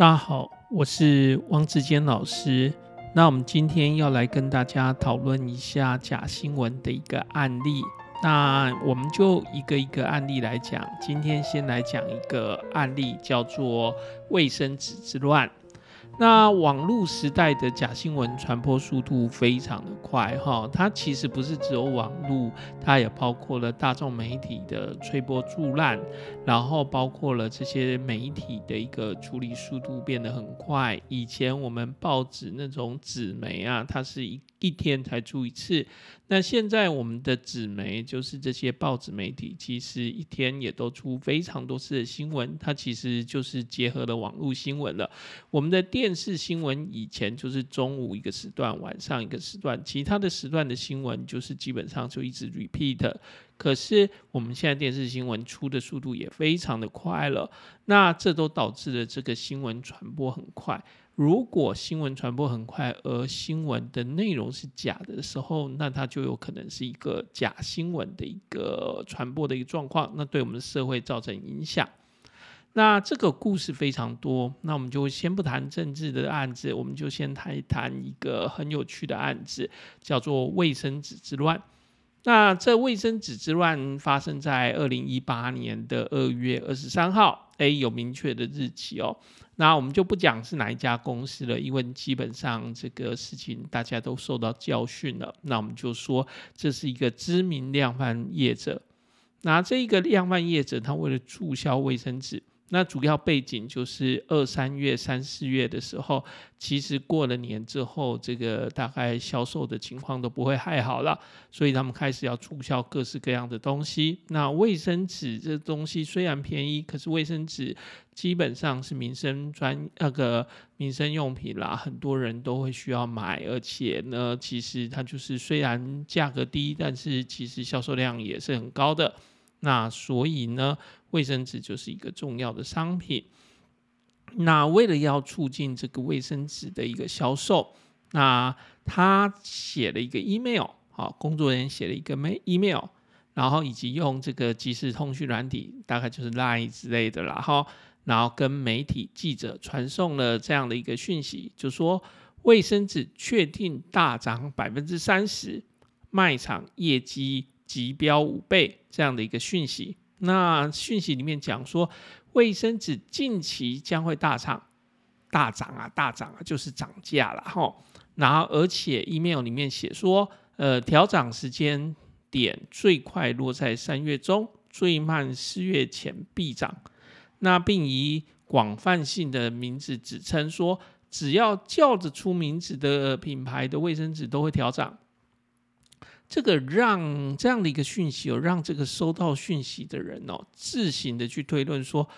大家好，我是汪志堅老師。那我們今天要來跟大家討論一下假新聞的一個案例。那我們就一個一個案例來講，今天先來講一個案例，叫做衛生紙之亂。那網絡時代的假新聞傳播速度非常的快，哈，它其實不是只有網絡，它也包括了大眾媒體的推波助瀾，然後包括了這些媒體的一個處理速度變得很快。以前我們報紙那種紙媒啊，它是一一天才出一次。那現在我們的紙媒，就是這些報紙媒體，其實一天也都出非常多次的新聞，它其實就是結合了網絡新聞了。我們的電視新聞以前就是中午一個時段，晚上一個時段，其他的時段的新聞就是基本上就一直 repeat。可是我們現在電視新聞出的速度也非常的快了，那這都導致了這個新聞傳播很快。如果新聞傳播很快，而新聞的內容是假的時候，那它就有可能是一個假新聞的一個傳播的一個狀況，那對我們的社會造成影響。那這個故事非常多，那我們就先不談政治的案子，我們就先談一談一個很有趣的案子，叫做衛生紙之亂。那這衛生紙之亂發生在二零一八年的二月二十三號。A 有明確的日期哦，那我們就不講是哪一家公司了，因為基本上這個事情大家都受到教訓了。那我們就說這是一個知名量販業者，那這一個量販業者他為了促銷衛生紙，那主要背景就是二三月、三四月的時候，其實過了年之後，這個大概銷售的情況都不會太好了，所以他們開始要促銷各式各樣的東西。那衛生紙這東西雖然便宜，可是衛生紙基本上是民生專那個民生用品啦，很多人都會需要買，而且呢，其實它就是雖然價格低，但是其實銷售量也是很高的。那所以呢？衛生紙就是一個重要的商品。那為了要促進這個衛生紙的一個銷售，那他寫了一個 email，好，工作人員寫了一個 m email，然後以及用這個即時通訊軟體，大概就是 Line 之類的啦，哈，然後跟媒體記者傳送了這樣的一個訊息，就說衛生紙確定大漲百分之三十，賣場業績急飆五倍這樣的一個訊息。那訊息裡面講說，衛生紙近期將會大漲，大漲啊，大漲啊，就是漲價了哈。然後而且 email 裡面寫說，呃，調漲時間點最快落在三月中，最慢四月前必漲。那並以廣泛性的名字指稱說，只要叫得出名字的品牌的衛生紙都會調漲。這個讓這樣的一個訊息哦，讓這個收到訊息的人哦，自行的去推論說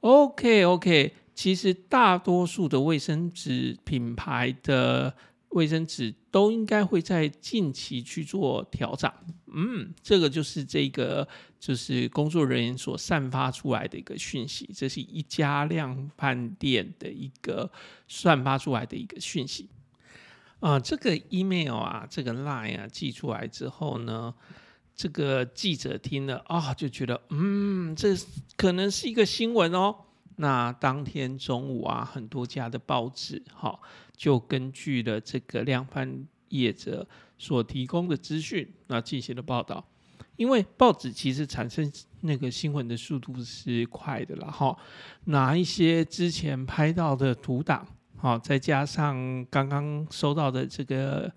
，OK OK，其實大多數的衛生紙品牌的衛生紙都應該會在近期去做調整。嗯，這個就是這個就是工作人員所散發出來的一個訊息，這是一家量販店的一個散發出來的一個訊息。啊、呃，這個 email 啊，這個 line 啊，寄出來之後呢，這個記者聽了啊、哦，就覺得嗯，這可能是一個新聞哦。那當天中午啊，很多家的報紙，好、哦，就根據了這個量販業者所提供的資訊，那進行了報道。因為報紙其實產生那個新聞的速度是快的啦哈、哦。拿一些之前拍到的圖檔。好，再加上剛剛收到的這個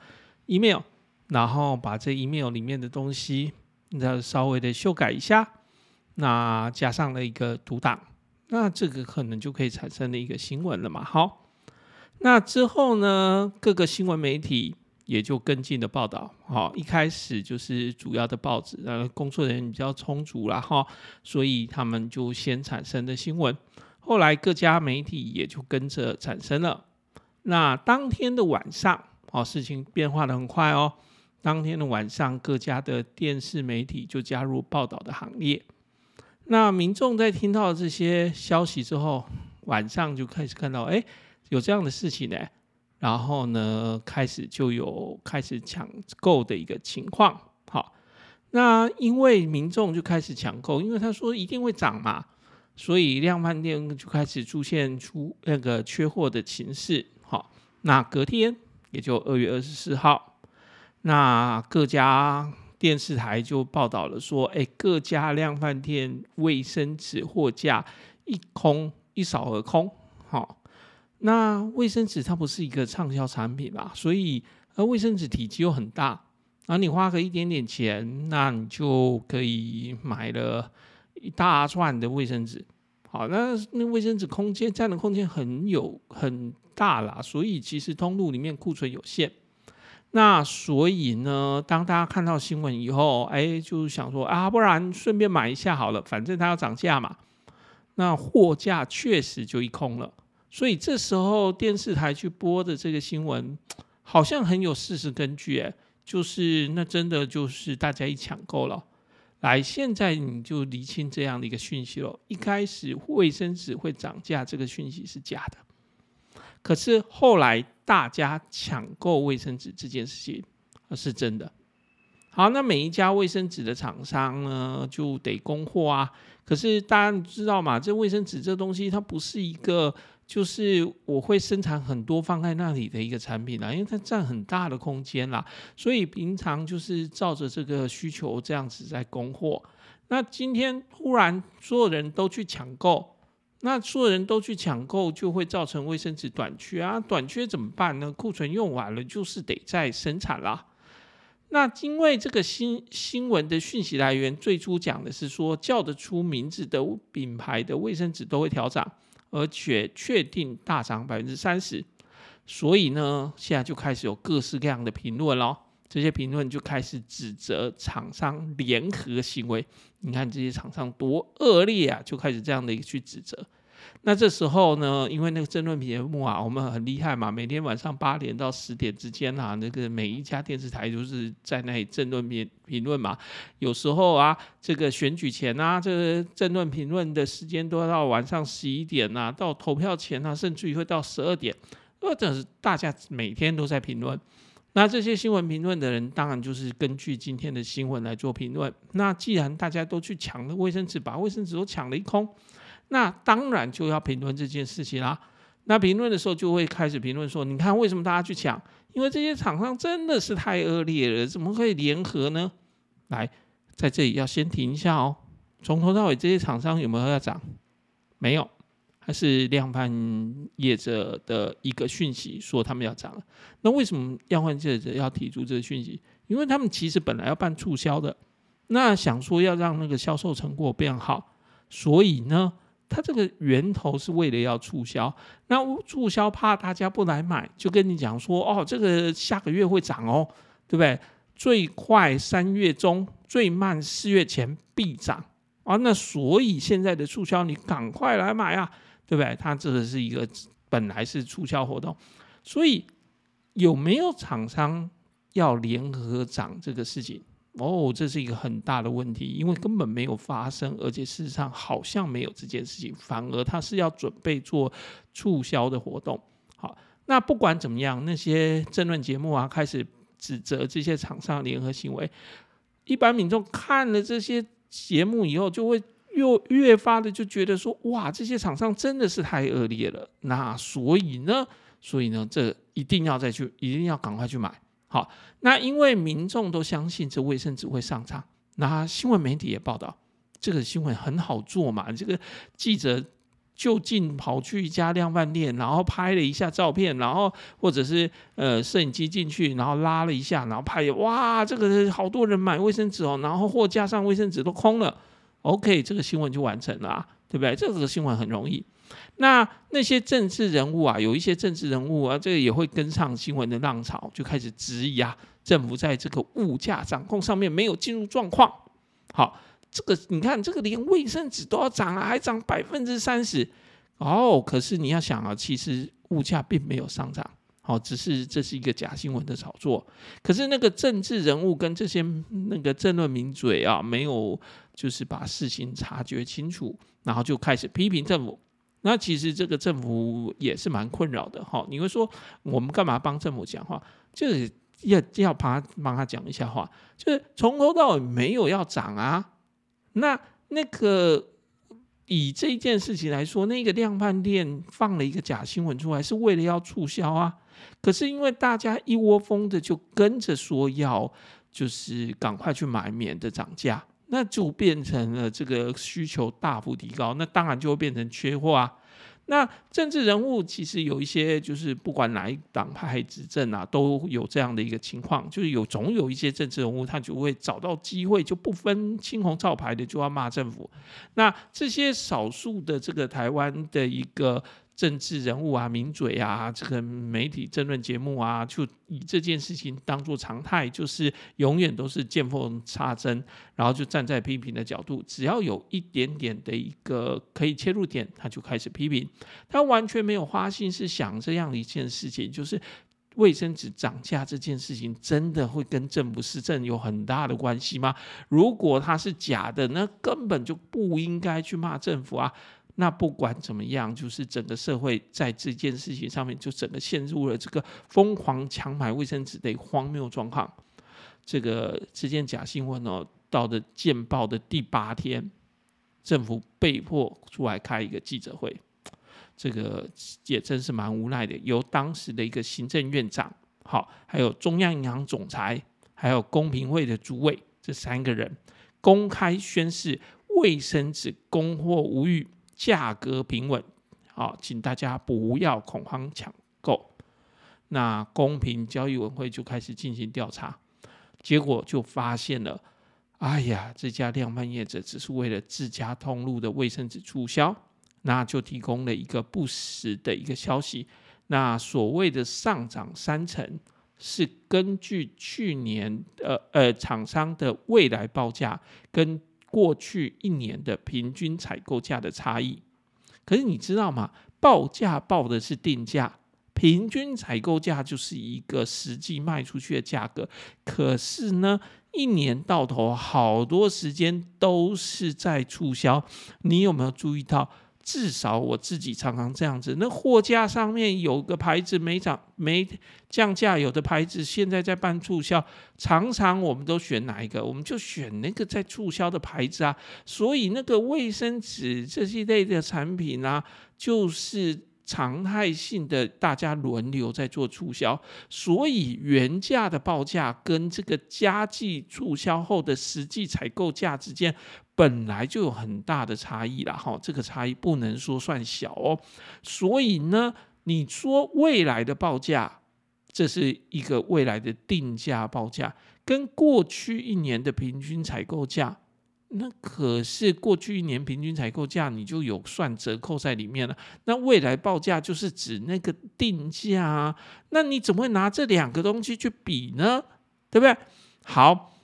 email，然後把這 email 裡面的東西，再稍微的修改一下，那加上了一個讀檔，那這個可能就可以產生了一個新聞了嘛？好，那之後呢，各個新聞媒體也就跟進的報道。好，一開始就是主要的報紙，呃，工作人員比較充足了哈，所以他們就先產生的新聞。後來各家媒體也就跟着產生了。那當天的晚上，好、哦、事情變化得很快哦。當天的晚上，各家的電視媒體就加入報道的行列。那民眾在聽到這些消息之後，晚上就開始看到，「哎，有這樣的事情呢！」然後呢，開始就有開始搶購的一個情況。好、哦，那因為民眾就開始搶購，因為他說一定會漲嘛。所以量販店就開始出現出那個缺貨的情勢，好，那隔天也就二月二十四號，那各家電視台就報道了說，哎，各家量販店衛生紙貨架一空，一掃而空，好，那衛生紙它不是一個暢銷產品嘛，所以而衛生紙體積又很大，而你花個一點點錢，那你就可以買了。一大串的衛生紙，好，那那衛生紙空間佔的空間很有很大啦，所以其實通路裡面庫存有限。那所以呢，當大家看到新聞以後，哎，就是想說啊，不然順便買一下好了，反正它要漲價嘛。那貨架確實就一空了，所以這時候電視台去播的這個新聞，好像很有事實根據，誒，就是那真的就是大家一搶購了。來，現在你就理清這樣的一個訊息咯，一開始衛生紙會漲價，這個訊息是假的。可是後來大家搶購衛生紙這件事情，是真的。好，那每一家衛生紙的廠商呢，就得供貨啊。可是大家知道嘛，這衛生紙這東西，它不是一個。就是我會生產很多放在那裡的一個產品啦，因為它占很大的空間啦，所以平常就是照着這個需求這樣子在供貨。那今天突然所有人都去搶購，那所有人都去搶購就會造成衛生紙短缺啊！短缺怎麼辦呢？庫存用完了就是得再生產啦。那因為這個新新聞的訊息來源最初講的是說，叫得出名字的品牌的衛生紙都會調漲。而且確定大漲百分之三十，所以呢，現在就開始有各式各樣的評論了。這些評論就開始指責廠商聯合行為。你看這些廠商多惡劣啊，就開始這樣的一個去指責。那這時候呢，因為那個政論節目啊，我們很厲害嘛，每天晚上八點到十點之間啊，那個每一家電視台就是在那裡政論評評論嘛。有時候啊，這個選舉前啊，這個政論評論的時間都要到晚上十一點啊，到投票前啊，甚至於會到十二點，那就是大家每天都在評論。那這些新聞評論的人，當然就是根據今天的新聞來做評論。那既然大家都去搶了衛生紙，把衛生紙都搶了一空。那當然就要評論這件事情啦。那評論的時候就會開始評論說：“你看為什麼大家去搶？因為這些廠商真的是太惡劣了，怎麼可以聯合呢？”來，在這裡要先停一下哦。從頭到尾這些廠商有沒有要漲？沒有，還是量販業者的一個訊息說他們要漲了。那為什麼量販業者要提出這個訊息？因為他們其實本來要辦促銷的，那想說要讓那個銷售成果變好，所以呢。它這個源頭是為了要促銷，那促銷怕大家不來買，就跟你講說哦，這個下個月會漲哦，對不對？最快三月中，最慢四月前必漲啊！哦，那所以現在的促銷，你趕快來買啊，對不對？它這個是一個本來是促銷活動，所以有沒有廠商要聯合漲這個事情？哦，這是一個很大的問題，因為根本沒有發生，而且事實上好像沒有這件事情，反而他是要準備做促銷的活動。好，那不管怎麼樣，那些政論節目啊，開始指責這些廠商聯合行為。一般民眾看了這些節目以後，就會又越，越發的就覺得說，哇，這些廠商真的是太惡劣了。那所以呢，所以呢，這一定要再去，一定要趕快去買。好，那因為民眾都相信這衛生紙會上漲，那新聞媒體也報道，這個新聞很好做嘛。這個記者就近跑去一家量販店，然後拍了一下照片，然後或者是呃攝影機進去，然後拉了一下，然後拍，哇，這個好多人買衛生紙哦，然後貨架上衛生紙都空了，OK，這個新聞就完成了啊。對不對？這個新聞很容易。那那些政治人物啊，有一些政治人物啊，這個也會跟上新聞的浪潮，就開始質疑啊，政府在這個物價掌控上面沒有進入狀況。好，這個你看，這個連衛生紙都要漲了啊，還漲百分之三十。哦，可是你要想啊，其實物價並沒有上漲，好，只是這是一個假新聞的炒作。可是那個政治人物跟這些那個政論名嘴啊，沒有。就是把事情察覺清楚，然後就開始批評政府。那其實這個政府也是蠻困擾的哈。你會說我們幹嘛幫政府講話？就是要要幫他幫他講一下話。就是從頭到尾沒有要漲啊。那那個以這件事情來說，那個量販店放了一個假新聞出來，是為了要促銷啊。可是因為大家一窩蜂的就跟着說要，就是趕快去買，免得漲價。那就變成了這個需求大幅提高，那當然就會變成缺貨啊。那政治人物其實有一些，就是不管哪一黨派執政啊，都有這樣的一個情況，就是有總有一些政治人物，他就會找到機會，就不分青紅皂白的就要罵政府。那這些少數的這個台灣的一個。政治人物啊，名嘴啊，這個媒體政論節目啊，就以這件事情當做常態，就是永遠都是見縫插針，然後就站在批評的角度，只要有一點點的一個可以切入點，他就開始批評。他完全沒有花心思想這樣一件事情，就是衛生紙漲價這件事情，真的會跟政府施政有很大的關係嗎？如果它是假的，那根本就不應該去罵政府啊。那不管怎麼樣，就是整個社會在這件事情上面就整個陷入了這個瘋狂搶買衛生紙的荒謬狀況。這個這件假新聞哦，到了見報的第八天，政府被迫出來開一個記者會，這個也真是蠻無奈的。由當時的一個行政院長，好，還有中央銀行總裁，還有公平會的主委，這三個人公開宣誓，衛生紙供貨無虞。價格平穩，好，請大家不要恐慌搶購。那公平交易委員會就開始進行調查，結果就發現了，哎呀，這家量販業者只是為了自家通路的衛生紙促銷，那就提供了一個不實的一個消息。那所謂的上漲三成，是根據去年呃呃廠商的未來報價跟過去一年的平均採購價的差異，可是你知道嗎？報價報的是定價，平均採購價就是一個實際賣出去的價格。可是呢，一年到頭好多時間都是在促銷，你有沒有注意到？至少我自己常常這樣子，那貨架上面有個牌子沒漲、沒降價，有的牌子現在在辦促銷，常常我們都選哪一個？我們就選那個在促銷的牌子啊。所以那個衛生紙這一類的產品啊，就是。常態性的大家輪流在做促銷，所以原價的報價跟這個加計促銷後的實際採購價之間，本來就有很大的差異了哈。這個差異不能說算小哦。所以呢，你說未來的報價，這是一個未來的定價報價，跟過去一年的平均採購價。那可是過去一年平均採購價，你就有算折扣在裡面了。那未來報價就是指那個定價啊，那你怎麼會拿這兩個東西去比呢？對不對？好，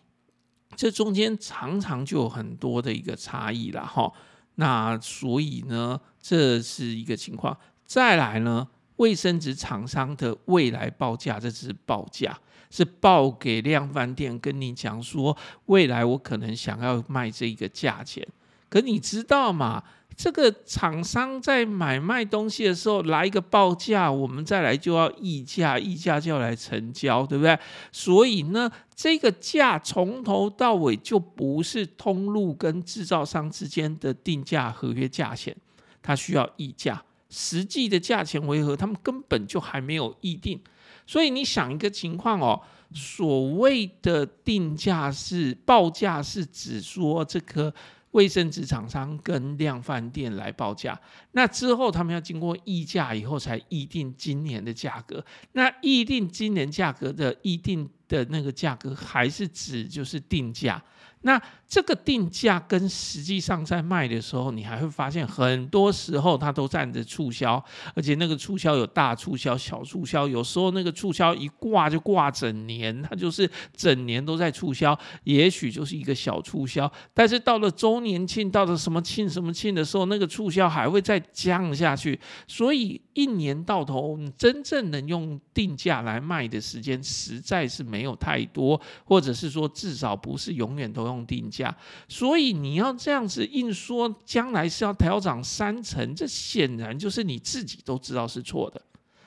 這中間常常就有很多的一個差異了哈。那所以呢，這是一個情況。再來呢？衛生紙廠商的未來報價，這只是報價，是報給量販店，跟你講說未來我可能想要賣這個價錢。可你知道嗎？這個廠商在買賣東西的時候來一個報價，我們再來就要議價，議價就要來成交，對不對？所以呢，這個價從頭到尾就不是通路跟製造商之間的定價合約價錢，它需要議價。實際的價錢為何？他們根本就還沒有議定，所以你想一個情況哦，所謂的定價是報價，是指說這個衛生紙廠商跟量販店來報價，那之後他們要經過議價以後才議定今年的價格。那議定今年價格的議定的那個價格，還是指就是定價那。這個定價跟實際上在賣的時候，你還會發現很多時候它都在做促銷，而且那個促銷有大促銷、小促銷，有時候那個促銷一掛就掛整年，它就是整年都在促銷，也許就是一個小促銷，但是到了周年慶、到了什麼慶、什麼慶的時候，那個促銷還會再降下去。所以一年到頭，你真正能用定價來賣的時間，實在是沒有太多，或者是說至少不是永遠都用定價。呀，所以你要這樣子硬說將來是要調漲三成，這顯然就是你自己都知道是錯的。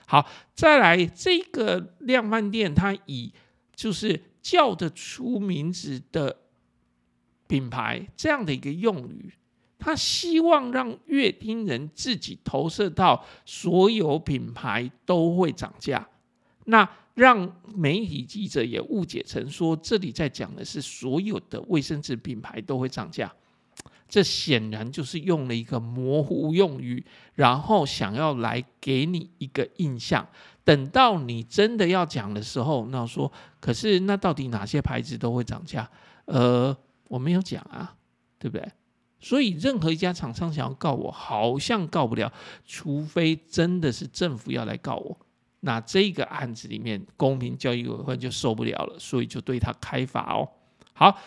好，再來這個量販店，它以就是叫得出名字的品牌這樣的一個用語，他希望讓閱聽人自己投射到所有品牌都會漲價，那。讓媒體記者也誤解成說，這裡在講的是所有的衛生紙品牌都會漲價，這顯然就是用了一個模糊用語，然後想要來給你一個印象。等到你真的要講的時候，那我說可是那到底哪些牌子都會漲價？呃，我沒有講啊，對不對？所以任何一家廠商想要告我，好像告不了，除非真的是政府要來告我。那這個案子裡面，公平交易委員會就受不了了，所以就對他開罰哦。好，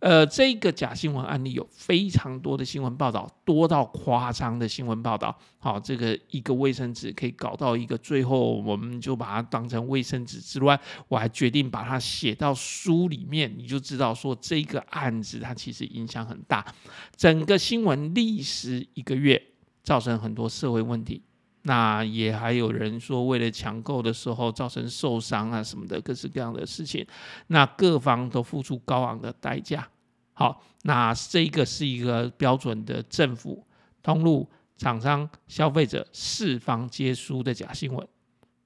呃，這個假新聞案例有非常多的新聞報道，多到誇張的新聞報道。好，這個一個衛生紙可以搞到一個，最後我們就把它當成衛生紙之亂，我還決定把它寫到書裡面，你就知道說，這個案子它其實影響很大，整個新聞歷時一個月，造成很多社會問題。那也還有人說，為了搶購的時候造成受傷啊什麼的，各式各樣的事情，那各方都付出高昂的代價。好，那這個是一個標準的政府、通路、廠商、消費者四方皆輸的假新聞。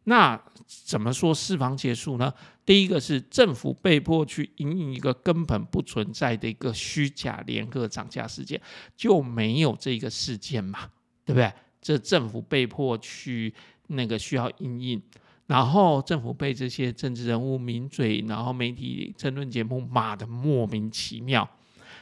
那怎麼說四方皆輸呢？第一個是政府被迫去因應一個根本不存在的一個虛假聯合漲價事件，就沒有這個事件嘛，對不對？這政府被迫去那個需要因應，然後政府被這些政治人物、名嘴，然後媒體、爭論節目罵得莫名其妙，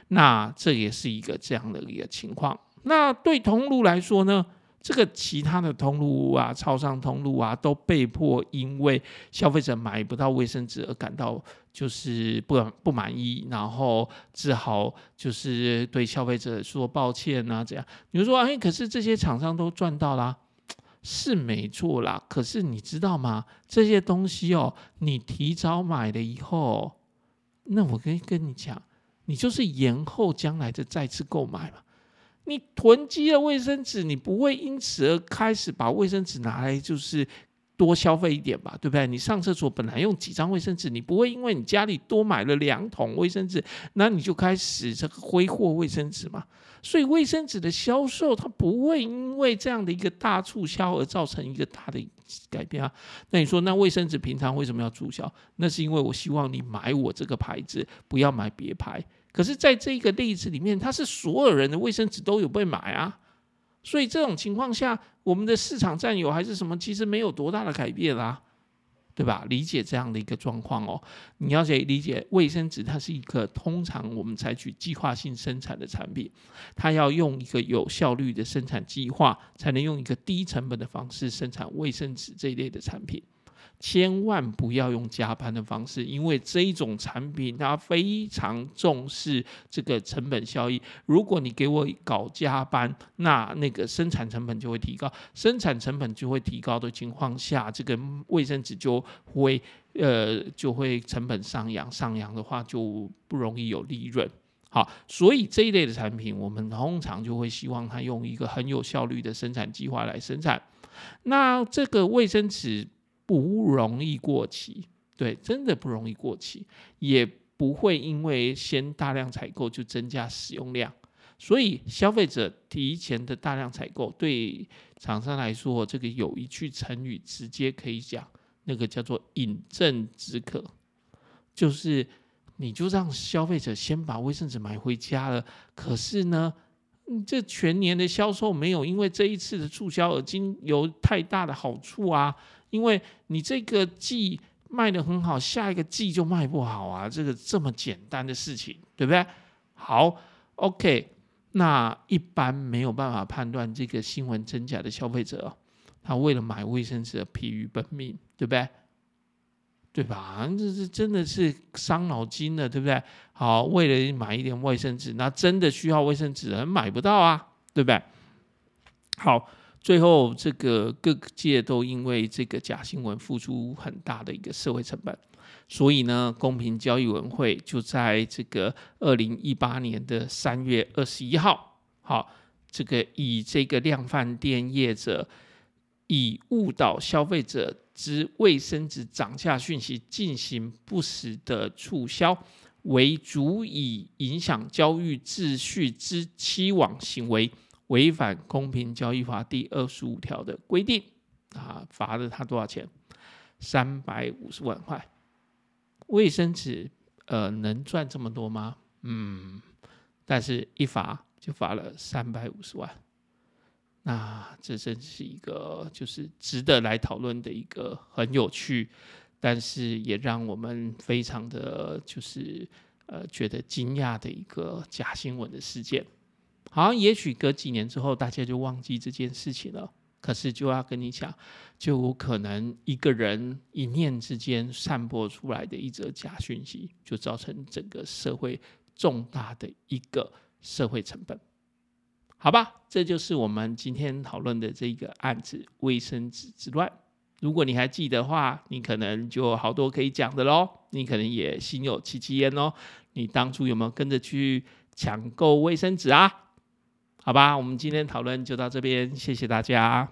那這也是一個這樣的一個情況。那對通路來說呢，這個其他的通路啊、超商通路啊，都被迫因為消費者買不到衛生紙而感到。就是不不滿意，然後只好就是對消費者說抱歉吶，這樣。比如說，哎，可是這些廠商都賺到了啊，是沒錯啦。可是你知道嗎？這些東西哦，你提早買了以後，那我跟跟你講，你就是延後將來的再次購買嘛。你囤積了衛生紙，你不會因此而開始把衛生紙拿來就是。多消費一點吧，對不對？你上廁所本來用幾張衛生紙，你不會因為你家裡多買了兩桶衛生紙，那你就開始這個揮霍衛生紙嘛。所以衛生紙的銷售，它不會因為這樣的一個大促銷而造成一個大的改變啊。那你說，那衛生紙平常為什麼要促銷？那是因為我希望你買我這個牌子，不要買別牌。可是，在這個例子裡面，它是所有人的衛生紙都有被買啊。所以這種情況下，我們的市場佔有還是什麼，其實沒有多大的改變啦、啊，對吧？理解這樣的一個狀況哦。你要去理解，衛生紙它是一個通常我們採取計劃性生產的產品，它要用一個有效率的生產計劃，才能用一個低成本的方式生產衛生紙這一類的產品。千萬不要用加班的方式，因為這一種產品它非常重視這個成本效益。如果你給我搞加班，那那個生產成本就會提高，生產成本就會提高的情況下，這個衛生紙就會呃就會成本上揚，上揚的話就不容易有利潤。好，所以這一類的產品，我們通常就會希望它用一個很有效率的生產計劃來生產。那這個衛生紙。不容易過期，對，真的不容易過期，也不會因為先大量採購就增加使用量。所以消費者提前的大量採購，對廠商來說，這個有一句成語直接可以講，那個叫做“飲鴆止渴”，就是你就讓消費者先把衛生紙買回家了，可是呢，這全年的銷售沒有因為這一次的促銷而今有太大的好處啊。因為你這個季賣得很好，下一個季就賣不好啊，這個這麼簡單的事情，對不對？好，OK，那一般沒有辦法判斷這個新聞真假的消費者，他為了買衛生紙而疲於奔命，對不對？對吧？這這真的是傷腦筋了，對不對？好，為了買一點衛生紙，那真的需要衛生紙，還買不到啊，對不對？好。最後，這個各界都因為這個假新聞付出很大的一個社會成本，所以呢，公平交易文會就在這個二零一八年的三月二十一號，好，這個以這個量販店業者以誤導消費者之衛生紙漲價訊息進行不實的促銷，為足以影響交易秩序之欺罔行為。違反公平交易法第二十五條的規定，啊，罰了他多少錢？三百五十萬塊。衛生紙，呃，能賺這麼多嗎？嗯，但是一罰就罰了三百五十萬。那這真是一個就是值得來討論的一個很有趣，但是也讓我們非常的就是呃覺得驚訝的一個假新聞的事件。好像也許隔幾年之後，大家就忘記這件事情了。可是就要跟你講，就有可能一個人一念之間散播出來的一則假訊息，就造成整個社會重大的一個社會成本。好吧，這就是我們今天討論的這個案子——衛生紙之亂。如果你還記得的話，你可能就好多可以講的咯。你可能也心有戚戚焉哦。你當初有沒有跟着去搶購衛生紙啊？好吧，我們今天討論就到這邊，謝謝大家。